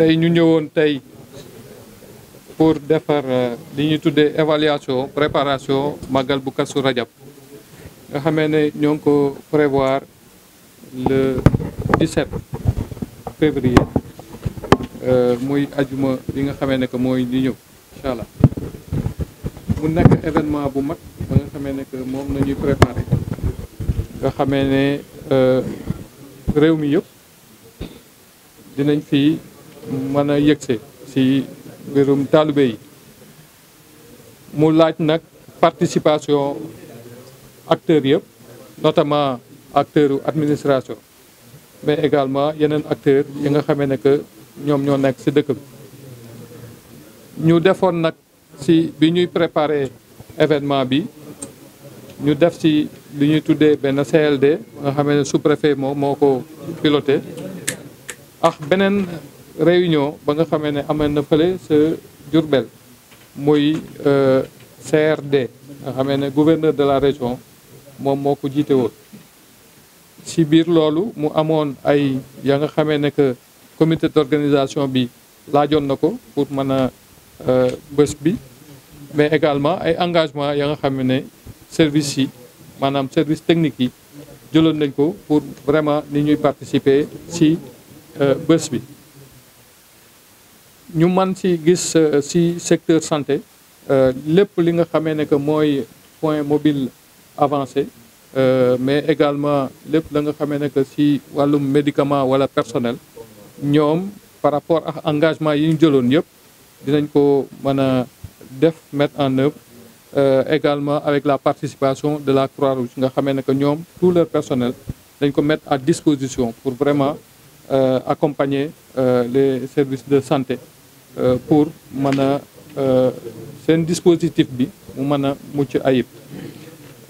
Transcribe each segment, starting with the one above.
tey ñu ñëwoon tey pour defar euh, li ñuy tuddee évaluation préparation màggal bu Kazu Rajab nga xamee ne ñoo ko prévoir le 17 février euh, muy ajuma li nga xamee ne que mooy li ñëw incha allah mu nekk événement bu mag ba nga xamee ne moom na ñuy préparé nga xamee ne euh, réew mi yëpp dinañ fii mën a yëgse si mbirum taalibe yi mu laaj nag participation acteurs yëpp notamment acteur administration mais également yeneen acteurs yi nga xamee ne que ñoom ñoo nekk si dëkk bi ñu defoon nag si bi ñuy préparer événement bi ñu def si li ñuy tuddee benn CLD nga xamee ne sous-préfet moom moo ko piloté ak beneen réunion ba nga xamee ne amee na fële sa Diourbel muy euh, CRD nga xamee ne gouverneur de la région moom moo ko jiite woon ci biir loolu mu amoon ay ya nga xamee ne que comité d'organisation bi laajoon na ko pour mën a euh, bés bi mais également ay engagement ya nga xam ne service yi maanaam service technique yi jëloon nañ ko pour vraiment ni ñuy participer ci euh, bés bi ñu man si gis si euh, secteur santé euh, lépp li nga xamee ne que mooy point mobile avancé euh, mais également lépp la nga xamee ne que si wàllum médicament wala personnel ñoom par rapport ak engagement yi ñu jëloon yëpp dinañ ko mën a def mettre en œuvre également avec la participation de la Croix-Rouge nga xamee ne que ñoom tous leur personnel dañ ko mettre à disposition pour vraiment accompagner les services de santé Euh, pour mën a euh, seen dispositif bi mu mën a mucc ayib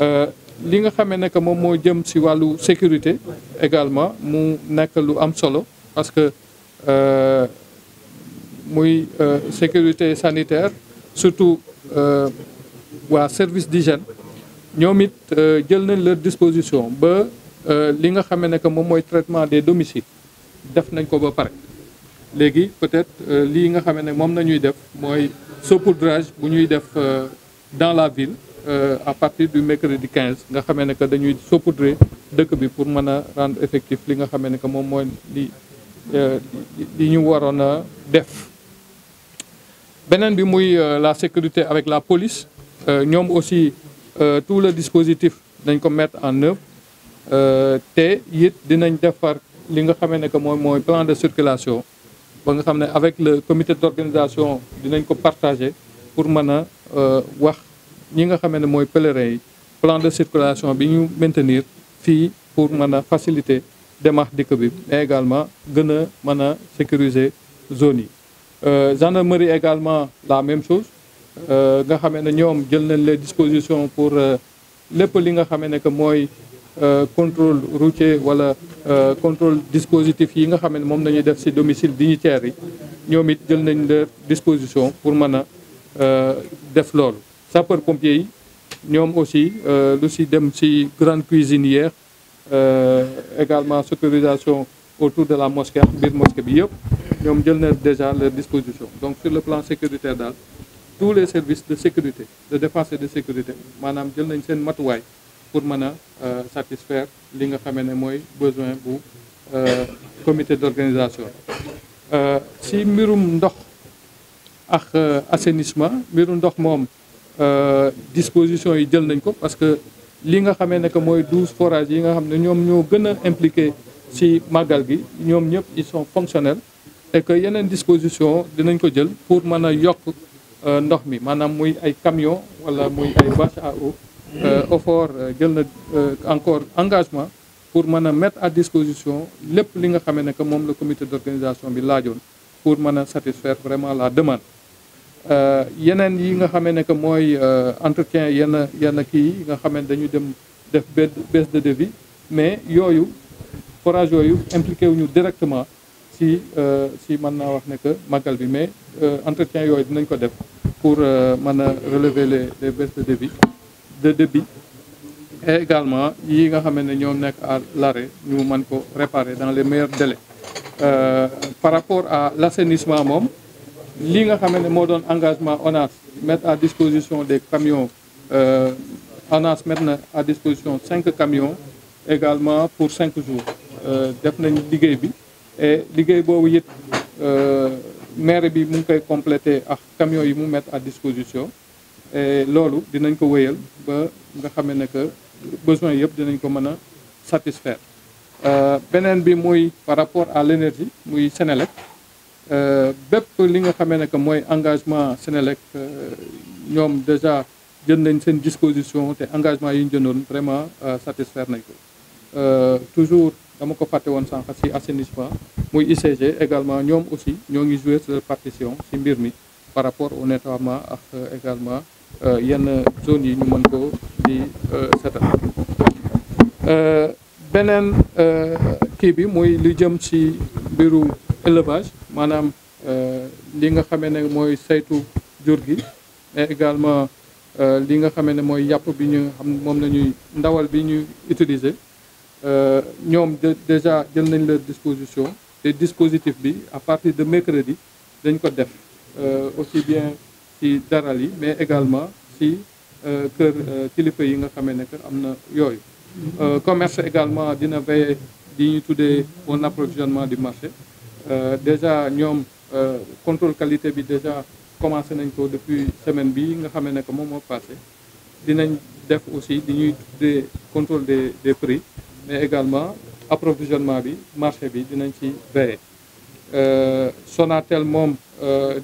euh, li nga xamee ne moom moo jëm si wàllu sécurité également mu nekk lu am solo parce que muy sécurité sanitaire surtout waa service d'hygiène ñoom it jël nañ leur disposition ba li nga xamee ne que moom mooy traitement des domiciles def nañ ko ba pare léegi peut-être euh, lii nga xamee ne moom la def mooy saupoudrage bu ñuy def euh, dans la ville euh, à partir du mercredi 15 nga xamee ne que dañuy saupoudrer dëkk bi pour mën a rendre effectif li nga xamee ne que moom mooy li li ñu waroon a def. beneen bi muy la sécurité avec la police ñoom aussi tout le dispositif dañ ko mettre en œuvre te yit dinañ defar li nga xamee ne que moom mooy plan de circulation. ba nga xam ne avec le comité d'organisation dinañ ko partager pour mën a euh, wax ñi nga xam ne mooy pèlerins yi plan de circulation bi ñu maintenir fii pour mën a faciliter démarche dikk bi mais également gën a mën a sécuriser zone yi euh, gendarmerie également la même chose euh, nga xamee ne ñoom jël nañ le dispositions pour lépp li nga xamee ne que mooy Euh, contrôle routier wala euh, contrôle dispositif yi nga xam ne moom nañuy def ci domicile dignitaire yi ñoom it jël nañ leur disposition pour mën a euh, def loolu sapeur pompier yi ñoom aussi lu ci dem ci grande cuisine hier également sécurisation autour de la mosquée ak biir mosquée bi yëpp ñoom jël na déjà leur disposition donc sur le plan sécuritaire daal tous les services de sécurité de défense et de sécurité maanaam jël nañ seen matuwaay pour mën a euh, satisfaire li nga xame ne mooy besoin bu euh, comité d'organisation euh, si mbirum ndox ak assainissement mbirum ndox moom disposition yi jël nañ ko parce que li nga xamee ne que mooy douze forages yi nga xam ne ñoom ñoo gën a impliqué si màggal gi ñoom ñëpp ils sont fonctionnels et que yeneen disposition dinañ ko jël pour mën a yokk ndox mi maanaam muy ay camion wala muy ay bâche à eau Euh, OFOR euh, jël na euh, encore engagement pour mën a mettre à disposition lépp li nga xamee ne que moom la comité d'organisation bi laajoon pour mën a satisfaire vraiment la demande yeneen yi nga xame ne que mooy entretien yenn yenn kii yi nga xamee ne dañu dem def baisse de devis mais yooyu forage yooyu impliqué wu ñu directement si si mën naa wax ne que màggal bi mais entretien yooyu dinañ ko def pour mën a relever les les baisses de devis de débit également yi nga xam ne ñoom nekk à l'arrêt ñu mën ko réparer dans les meilleurs délais euh, par rapport à l'assainissement moom li nga xam ne moo doon engagement ONAS mettre à disposition des camions euh, ONAS mettre na à disposition cinq camions également pour cinq jours euh, def nañ liggéey bi et liggéey boobu it euh, maire bi mu ngi koy compléter ak camions yi mu mettre à disposition loolu dinañ ko wéyal ba nga xamee ne que besoin yëpp dinañ ko mën a satisfaire euh, beneen bi muy par rapport à l'énergie muy Sénélec euh, bépp li nga xamee ne que mooy engagement Sénélec euh, ñoom déjà jën nañ seen disposition te engagement yi ñu jëndoon vraiment satisfaire nañ ko toujours dama ko fàtte woon sànq si assainissement muy ICG également ñoom aussi ñoo ngi jouer seen partition si mbir mi par rapport au nettoiement ak également Euh, yenn zones yi ñu mën ko di euh, setal euh, beneen kii bi muy lu jëm ci mbiru élevage maanaam li nga xame ne mooy saytu jur gi mais également li nga xamee ne mooy yàpp bi ñu xam moom la ñuy ndawal bi ñuy utiliser ñoom déjà jël nañ leur disposition te dispositif bi à partir de mercredi dañ ko def aussi bien ci dara lii mais également ci euh, kër euh, kilifa yi nga xamee ne que am na yooyu euh, commerce également dina veiller di ñu tuddee bon approvisionnement du marché déjà ñoom contrôle qualité bi déjà commencé nañ ko depuis semaine bi nga xamee ne que moom moo passé dinañ def aussi di ñuy tuddee contrôle des des prix mais également approvisionnement bi marché bi dinañ ci veiller Sonatel moom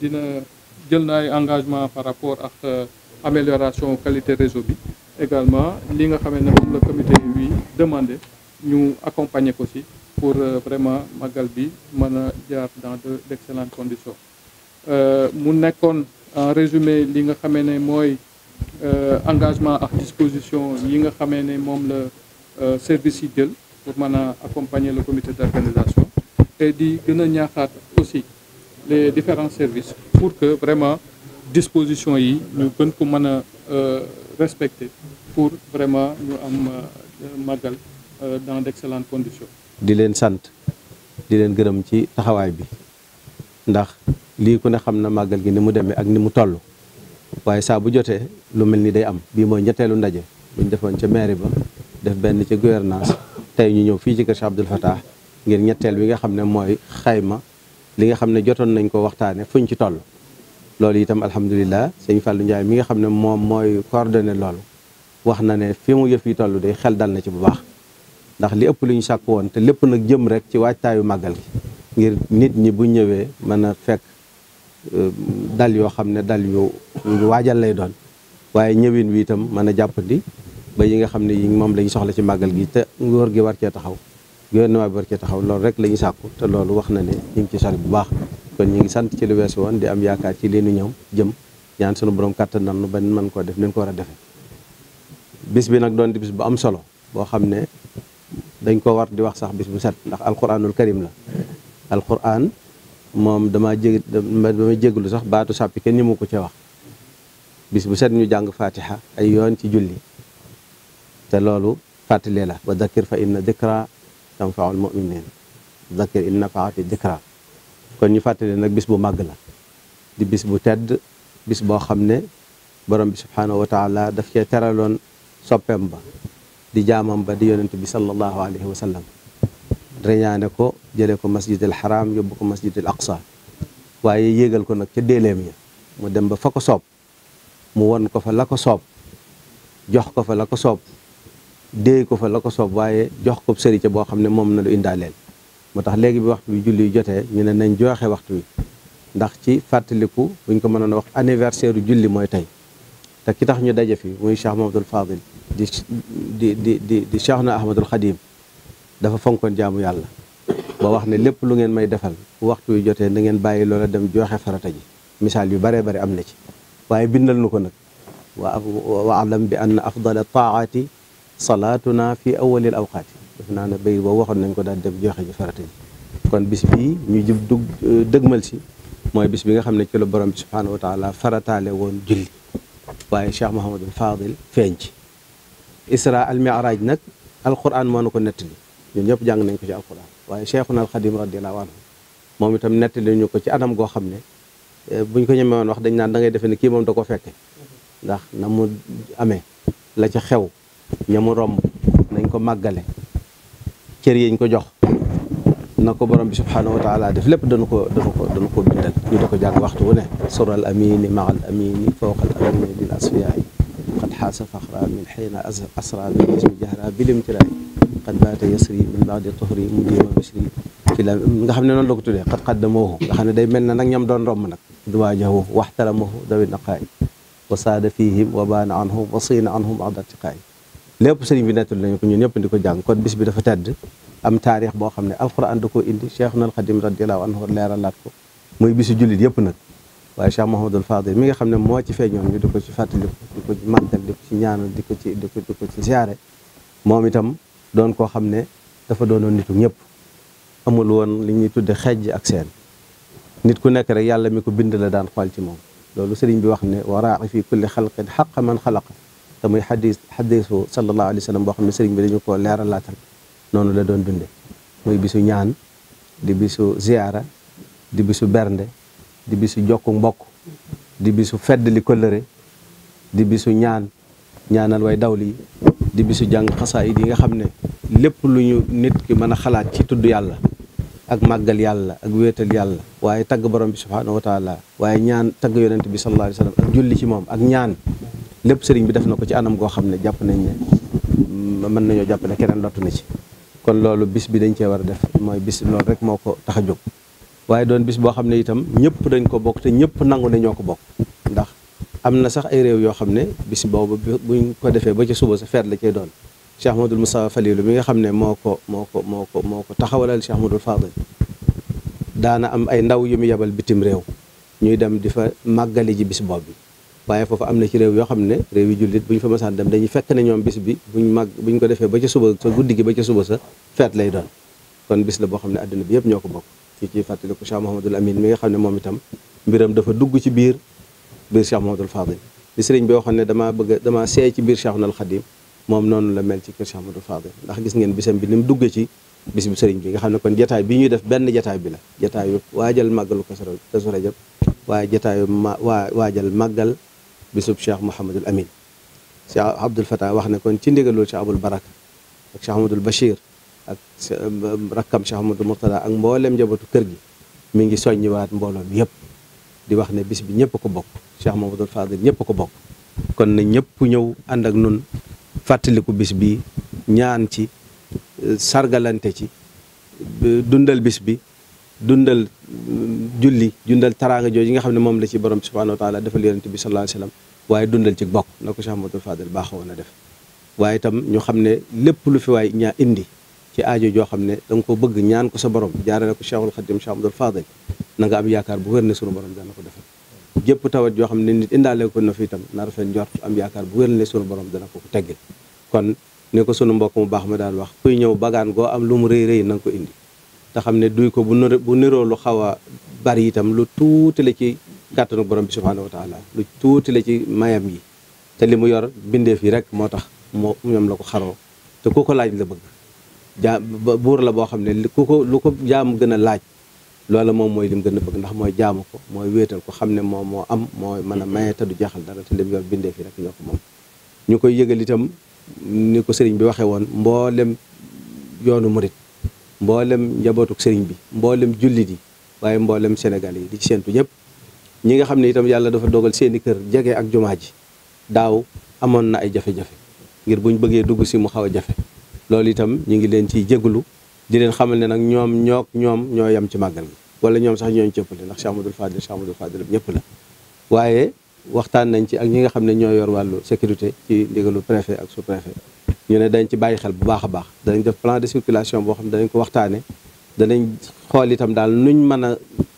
dina jël na engagement par rapport ak euh, amélioration qualité réseau bi également li nga xamee ne moom la comité bi demandé ñu accompagner ko ci pour euh, vraiment màggal bi mën a jaar dans de d'excellentes conditions euh, mu nekkoon en résumé li nga xamee ne mooy engagement ak disposition yi nga xamee ne moom la service yi jël pour mën a accompagner la comité d'organisation te di gën ñaaxaat aussi les différents pour que vraiment disposition yi ñu gën ko mën a euh, respecter pour vraiment ñu am euh, màggal euh, dans d'excellentes conditions. di leen sant di leen gërëm ci taxawaay bi ndax lii ko ne xam na màggal gi ni mu demee ak ni mu toll waaye saa bu jotee lu mel ni day am bii mooy ñetteelu ndaje bu defoon ca mairie ba def benn ci gouvernance tey ñu ñëw fii ci kër Cheikh Abdoul Fatah ngir ñetteel bi nga xam ne mooy xayma. li nga xam ne jotoon nañ ko waxtaane fuñ ci toll loolu itam alhamdulilah sëñ Fallou Ndiaye mi nga xam ne moom mooy coordonné loolu wax na ne fi mu yëf yi toll day xel dal na ci bu baax ndax li ëpp lu ñu sàkk woon te lépp nag jëm rek ci waajtaayu màggal gi ngir nit ñi bu ñëwee mën a fekk euh, dal yoo xam ne dal yu waajal lay doon waaye ñëwin wi itam mën a jàppandi ba yi nga xam ne yi moom lañ soxla ci màggal gi te ngóor gi war cee taxaw gouvernement bi war cee taxaw loolu rek la ñu sàkku te loolu wax na ne ñu ngi ci sori bu baax kon ñu ngi sant ci lu weesu woon di am yaakaar ci li nu ñëw jëm ñaan sunu borom kàttan nan nu ba mën koo def ni ko war a defee bis bi nag doon di bis bu am solo boo xam ne dañ ko war di wax sax bis bu set ndax alquranul karim la alquran moom dama jég dama jéglu sax baatu sàppi kenn ñi mu ko ca wax bis bu set ñu jàng fatiha ay yoon ci julli te loolu fàttali la wa dakir fa inna dikra tanfaul muminin zakir in nafaati dikra kon ñu fàttali nag bis bu màgg la di bis bu tedd bis boo xam ne borom bi subhaanahu wa taala cee teraloon soppeem ba di jaamam ba di yonent bi sallallahu alayhi wa sallam reñaane ko jële ko masjidil haram yóbbu ko masjidil aqsa waaye yéegal ko nag ca déeleem ya mu dem ba fa ko soob mu won ko fa la ko soob jox ko fa la ko soob déey ko fa la ko soob waaye jox ko sëri ca boo xam ne moom na du indaaleel moo tax léegi bi waxtu bi julli jotee ñu ne nañ jooxe waxtu wi ndax ci fàttaliku buñ ko mënoon na wax anniversaire u julli mooy tey te ki tax ñu daje fi muy Cheikh Mahamadul Fadil di di di di di Cheikh na Ahmadul Xadim dafa fonkoon jaamu yàlla ba wax ne lépp lu ngeen may defal bu waxtu wi jotee na ngeen bàyyi loola dem jooxe farata ji misaal yu baree bari am na ci waaye bindal salaatuna fi awalil awqaati def naa ne bay boobu waxoon nañ ko daal dem joxe ji farata kon bis bii ñu jub dug euh, dëgmal si mooy bis bi nga xam ne ci la borom bi subhaanahu wa taala farataale woon waaye Cheikh Mouhamadul Fadil feeñ ci isra al miraaj nag alquran moo na ko nettali ñun ñëpp jàng nañ ko ci alquran waaye Cheikhuna al Xadim radiyallahu anhu moom itam nettali ñu ko ci anam goo xam ne euh, buñ ko ñemee woon wax dañ naan da ngay defee ne kii moom da ko fekke ndax na mu amee la ca xew ñamu romb nañ ko màggale cër yi ko jox na ko borom bi subhaanahu wa taala def lépp danu ko danu ko danu ko waxtu wu ne sural amini maal amini fawqal amini bil asfiyaay qad xaasa faxra min xiina asra bil ismi jahra bil imtiraay qad baata yasri min baadi tuhri mujima bashri fi la xam ne noonu la ko tuddee qad qaddamoohu nga ne day mel na nag ñam doon romb nag duwaajahu naqaay wa saada fihim wa baana anhum wa siina anhum lépp sëriñ bi nettal nañu ko ñun ñëpp di ko jàng kon bis bi dafa tedd am taarix boo xam ne alxuraan da koo indi Cheikhuna Alxadim radiyallahu anhu leeralaat ko muy bisu jullit yëpp nag waaye Cheikh Mouhamadul Fadil mi nga xam ne moo ci feeñoon ñu di ko ci fàttaliku di ko ci màggal di ko ci ñaanal di ko ci di moom itam doon koo xam ne dafa doonoon nitu ñëpp amul woon li ñuy tudde xejj ak seen nit ku nekk rek yàlla mi ko bind la daan xool ci moom loolu sëriñ bi wax ne waraaxi fii kulli man xalaqa te muy xadis xadisu sallallahu alayhi wa boo xam ne sëriñ bi dañu ko leeral noonu la doon dunde muy bisu ñaan di bisu ziyaara di bisu bernde di bisu jokku mbokk di bisu fedd li kollëre di bisu ñaan ñaanal way dawli di bisu jàng xasaayid yi nga xam ne lépp lu ñu nit ki mën a xalaat ci tudd yàlla ak màggal yàlla ak wéetal yàlla waaye tagg borom bi subhaanahu wa waaye ñaan tagg yonent bi sallallahu alayhi ak julli ci moom ak ñaa lépp sëriñ bi def na ko ci anam goo xam ne jàpp nañ ne mën nañoo jàpp ne keneen lottu na ci kon loolu bis bi dañ cee war a def mooy bis loolu rek moo ko tax a jóg waaye doon bis boo xam ne itam ñëpp dañ ko bokk te ñëpp nangu ne ko bokk ndax am na sax ay réew yoo xam ne bis boobu buñ ko defee ba ci suba sa feet la cay doon Cheikh Ahmadul Moustapha Falilu mi nga xam ne moo ko moo ko moo ko moo ko taxawalal Cheikh Ahmadul Fadil daana am ay ndaw yu mu yebal bitim réew ñuy dem di fa màggali ji bis boobu waaye foofu am na ci réew yoo xam ne réew yi jullit bu ñu fa masaan dem dañuy fekk ne ñoom bis bi buñ mag buñ ko defee ba ca suba sa guddi gi ba ca suba sa feet lay doon kon bis la boo xam ne àdduna bi yëpp ñoo ko bokk ci ci fàttaliku Cheikh Mouhamadul Amin mi nga xam ne moom itam mbiram dafa dugg ci biir biir Cheikh Mouhamadul Fadil li sëriñ bi waxoon ne damaa bëgg damaa seey ci biir Cheikhoul Khadim moom noonu la mel ci kër Cheikh Mouhamadul Fadil ndax gis ngeen bisam bi ni mu duggee ci bis bu bi nga xam ne kon jataay bi ñuy def benn jataay bi la jataayu waajal màggalu Kazu Rajab waaye jataayu ma waajal màggal bisub cheikh Mouhamadul Amin cheikh Abdoul Fatah wax ne kon ci ndigalul cheikh Abul Baraka ak cheikh Ahmadul Bachir ak rakkam cheikh Ahmadou Mourtada ak mboolem njabootu kër gi mi ngi soññiwaat mbooloo mi yëpp di wax ne bis bi ñëpp ko bokk cheikh Mouhamadoul Fadil ñëpp ko bokk kon na ñëpp ñëw ànd ak nun fàttaliku bis bi ñaan ci sargalante ci dundal bis bi dundal mm, julli dundal taraanga jooju nga xam ne moom la ci borom subhaanahu wa taala defal yonent bi sallallahu alayhi wasallam waaye dundal ci bokk na ko Cheikh Amadou Fadel baaxoo a def waaye itam ñu xam ne lépp lu fi waay ñaa indi ci aajo joo xam ne da nga ko bëgg ñaan ko sa borom jaarale ko Cheikhul Khadim Cheikh Amadou Fadel na nga am yaakaar bu wér ne sunu borom dana ko defal jëpp tawat yoo xam ne nit indaale ko na fi itam na rafet njort am yaakaar bu wér ne sunu borom dana ko ko teggil kon ni ko sunu mbokk mu baax ma daan wax kuy ñëw bagaan goo am lu mu rëy rëy na nga ko indi te xam ne duy ko bu niroo bu niroo lu xaw a bari itam lu tuuti la ci kàttanu borom bi subhaanahu wa taala lu tuuti la ci mayam yi te li mu yor bindeef yi rek moo tax moo ñoom la ko xaroo te ku ko laaj la bëgg jaam buur la boo xam ne ku ko lu ko jaam gën a laaj loola moom mooy lim gën a bëgg ndax mooy jaamu ko mooy wéetal ko xam ne moom moo am mooy mën a maye te du jeexal dara te li mu yor bindeef yi rek ñoo ko moom ñu koy yëgal itam ni ko sëriñ bi waxee woon mboolem yoonu murit mboolem njabootuk sëriñ bi mboolem jullit yi waaye mboolem Sénégal yi di ci séntu ñëpp ñi nga xam ne itam yàlla dafa dogal seeni kër jege ak jumaa ji daaw amoon na ay jafe-jafe ngir buñ bëggee dugg si mu xaw a jafe loolu itam ñu ngi leen ciy jégalu di leen xamal ne nag ñoom ñook ñoom ñoo yem ci màggal gi wala ñoom sax ñooñ cëppale ndax Cheikh Amadou Fadil Cheikh Amadou Fadil ñëpp la waaye waxtaan nañ ci ak ñi nga xam ne ñoo yor wàllu sécurité ci ndigalu préfet ak sous préfet ñu ne dañ ci bàyyi xel bu baax a baax danañ def plan de circulation boo xam ne danañ ko waxtaane danañ xool itam daal nu ñu mën a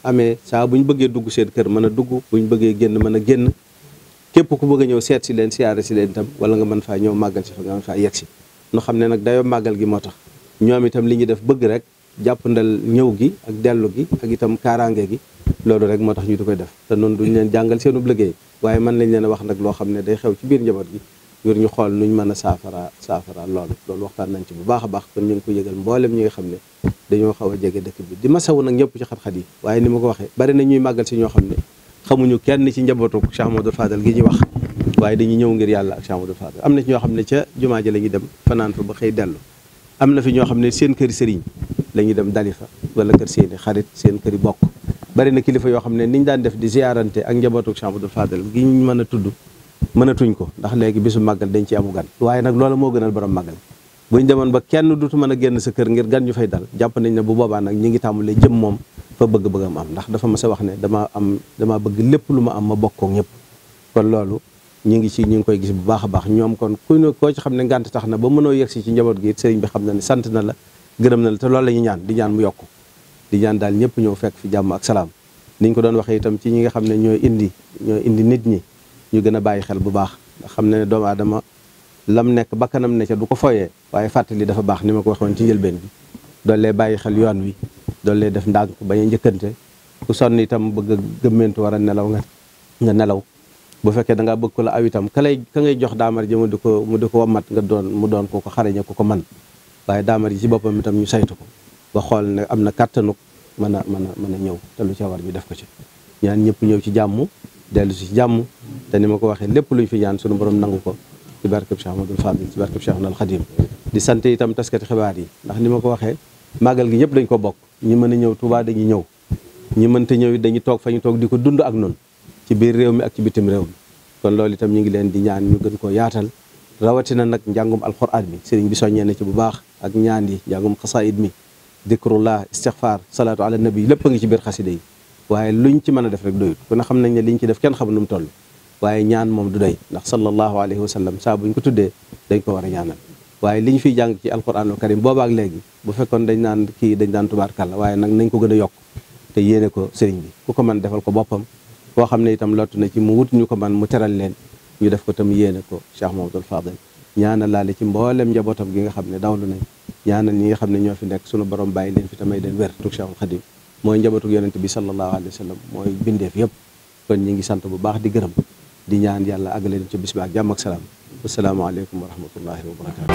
amee saa bu ñu bëggee dugg seen kër mën a dugg bu ñu bëggee génn mën a génn képp ku bëgg ñëw seet si leen siyaare si leen itam wala nga mën faa ñëw màggal si fa nga mën faa yegg si nu xam ne nag dayoo màggal gi moo tax ñoom itam li ñu def bëgg rek ndal ñëw gi ak dellu gi ak itam kaaraange gi loolu rek moo tax ñu di koy def te noonu duñ leen jàngal liggéey waaye mën nañ leen a wax nag loo xam ne day xew ci biir gi ngir ñu xool nuñ mën a saafara saafara loolu loolu waxtaan nañ ci bu baax a baax kon ñu ngi ko yëgal mboolem ñi nga xam ne dañoo xaw a jege dëkk bi di ma masawu nag ñëpp ci xat-xat yi waaye ni ma ko waxee bari na ñuy màggal si ñoo xam ne xamuñu kenn ci njabootu Cheikh Amadou Fadal ñuy wax waaye dañuy ñëw ngir yàlla ak Cheikh Amadou Fadal am na ci ñoo xam ne ca jumaa ji la ñuy dem fanaan fa ba xëy dellu am na fi ñoo xam ne seen kër sëriñ la dem dali fa wala kër seeni xarit seen këri bokk bari na kilifa yoo xam ne niñ daan def di ziarante ak njabootu Cheikh Amadou Fadal gi ñu mën a tudd mënatuñ ko ndax léegi bisu màggal dañ ci amu gan waaye nag loola moo gënal borom màggal buñ demoon ba kenn dutu mën a génn sa kër ngir gan ñu fay dal jàpp nañ ne bu boobaa nag ñi ngi tàmbalee jëm moom fa bëgg-bëggam am ndax dafa ma sa wax ne dama am dama bëgg lépp lu ma am ma bokkook ñëpp kon loolu ñu ngi ci ñu ngi koy gis bu baax a baax ñoom kon ku ne xam ne tax na ba mënoo yegsi ci njaboot gi it bi xam na ne sant na la gërëm na te loolu la ñu ñaan di ñaan mu yokk di ñaan daal ñëpp ñëw fekk fi jàmm ak salaam niñ ko doon waxee itam ci ñi nga xam ne ñooy indi ñoo indi nit ñi ñu gën a bàyyi xel bu baax ndax xam na ne doomu aadama lam nekk ba kanam ne ca du ko foyee waaye fàttali dafa baax ni ma ko waxoon ci njëlbeen bi doole bàyyi xel yoon wi doole def ndànk bañ a njëkkante ku sonn itam bëgg a gëmmentu war nelaw nga nga nelaw bu fekkee da ngaa bëgg ko la aw itam ka lay ngay jox daamar ji mu di ko mu di ko wammat nga doon mu doon ko ko xarañe ku ko man waaye daamar ji ci boppam itam ñu saytu ko ba xool ne am na kàttanuk mën a mën a mën a ñëw te lu ca war def ko ci ñaan ñëpp ñëw ci jàmm dellu si jàmm te ni ma ko waxee lépp luñ fi ñaan sunu borom nangu ko ci barkeb Cheikh Amadou Fadil ci barkeb Cheikh Al Khadim di sant itam taskati xibaar yi ndax ni ma ko waxee màggal gi ñëpp dañ ko bokk ñi mën a ñëw Touba dañuy ñëw ñi mënta ñëw it dañuy toog fa ñu toog di ko dund ak noonu ci biir réew mi ak ci bitim réew mi kon loolu itam ñu ngi leen di ñaan ñu gën koo yaatal rawatina nag njàngum alquran mi sëriñ bi soññee na ci bu baax ak ñaan yi njàngum xasaayid mi dikrullah istixfar salaatu ala nabi lépp a ngi ci biir xasida yi waaye luñ ci mën a def rek doyut ku xam nañ ne liñ ci def kenn xamul nu mu toll waaye ñaan moom du doy ndax sallallahu alayhi wa sallam saa buñ ko tuddee dañ ko war a waaye li ñu fiy jàng ci alquranul karim boobaak léegi bu fekkoon dañ naan kii dañ daan tubaarkàlla waaye nag nañ ko gën a yokk te yéene ko sëriñ bi ku ko man defal ko boppam koo xam ne itam lottu na ci mu wut ñu ko man mu teral leen ñu def ko tam yéene ko Cheikh Mamadou Fadel ñaanal laale ci mboolem njabootam gi nga xam ne dawlu nañ ñaanal ñi nga xam ne ñoo fi nekk sunu borom bàyyi leen fi tamay leen wér tuk Cheikhul Khadim mooy njabootu yonent bi sallallahu alayhi wa sallam mooy bindeef yëpp kon ñi ngi sant bu baax di gërëm di ñaan yàlla àggale leen ci bis bi ak jàmm ak salaam asalaamaaleykum wa rahmatullahi wa barakatu